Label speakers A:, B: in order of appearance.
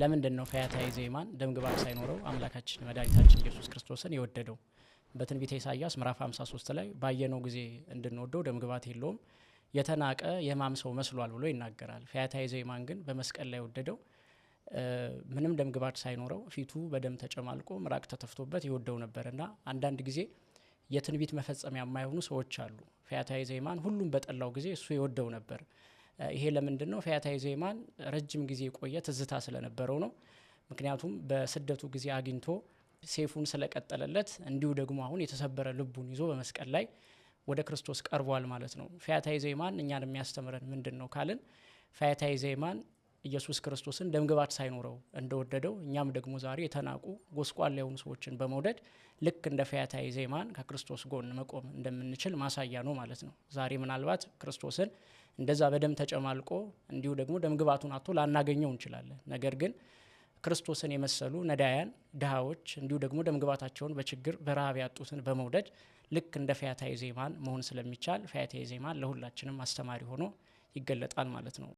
A: ለምንድን ነው ፈያታዊ ዜማን ደምግባር ሳይኖረው አምላካችን መድኃኒታችን ኢየሱስ ክርስቶስን የወደደው? በትንቢተ ኢሳያስ ምዕራፍ 53 ላይ ባየነው ጊዜ እንድንወደው ደምግባት የለውም የተናቀ የማም ሰው መስሏል ብሎ ይናገራል። ፈያታዊ ዜማን ግን በመስቀል ላይ የወደደው ምንም ደምግባት ሳይኖረው ፊቱ በደም ተጨማልቆ ምራቅ ተተፍቶበት የወደው ነበር እና አንዳንድ ጊዜ የትንቢት መፈጸሚያ የማይሆኑ ሰዎች አሉ። ፈያታዊ ዜማን ሁሉም በጠላው ጊዜ እሱ የወደው ነበር። ይሄ ለምንድን ነው? ፈያታዊ ዜማን ረጅም ጊዜ የቆየ ትዝታ ስለነበረው ነው። ምክንያቱም በስደቱ ጊዜ አግኝቶ ሴፉን ስለቀጠለለት እንዲሁ ደግሞ አሁን የተሰበረ ልቡን ይዞ በመስቀል ላይ ወደ ክርስቶስ ቀርቧል ማለት ነው። ፈያታዊ ዜማን እኛን የሚያስተምረን ምንድን ነው ካልን ፈያታዊ ዜማን ኢየሱስ ክርስቶስን ደምግባት ሳይኖረው እንደወደደው እኛም ደግሞ ዛሬ የተናቁ ጎስቋላ የሆኑ ሰዎችን በመውደድ ልክ እንደ ፈያታዊ ዜማን ከክርስቶስ ጎን መቆም እንደምንችል ማሳያ ነው ማለት ነው። ዛሬ ምናልባት ክርስቶስን እንደዛ በደም ተጨማልቆ እንዲሁ ደግሞ ደም ግባቱን አቶ ላናገኘው እንችላለን። ነገር ግን ክርስቶስን የመሰሉ ነዳያን፣ ድሃዎች እንዲሁ ደግሞ ደም ግባታቸውን በችግር በረሃብ ያጡትን በመውደድ ልክ እንደ ፈያታዊ ዜማን መሆን ስለሚቻል ፈያታዊ ዜማን ለሁላችንም አስተማሪ ሆኖ ይገለጣል ማለት ነው።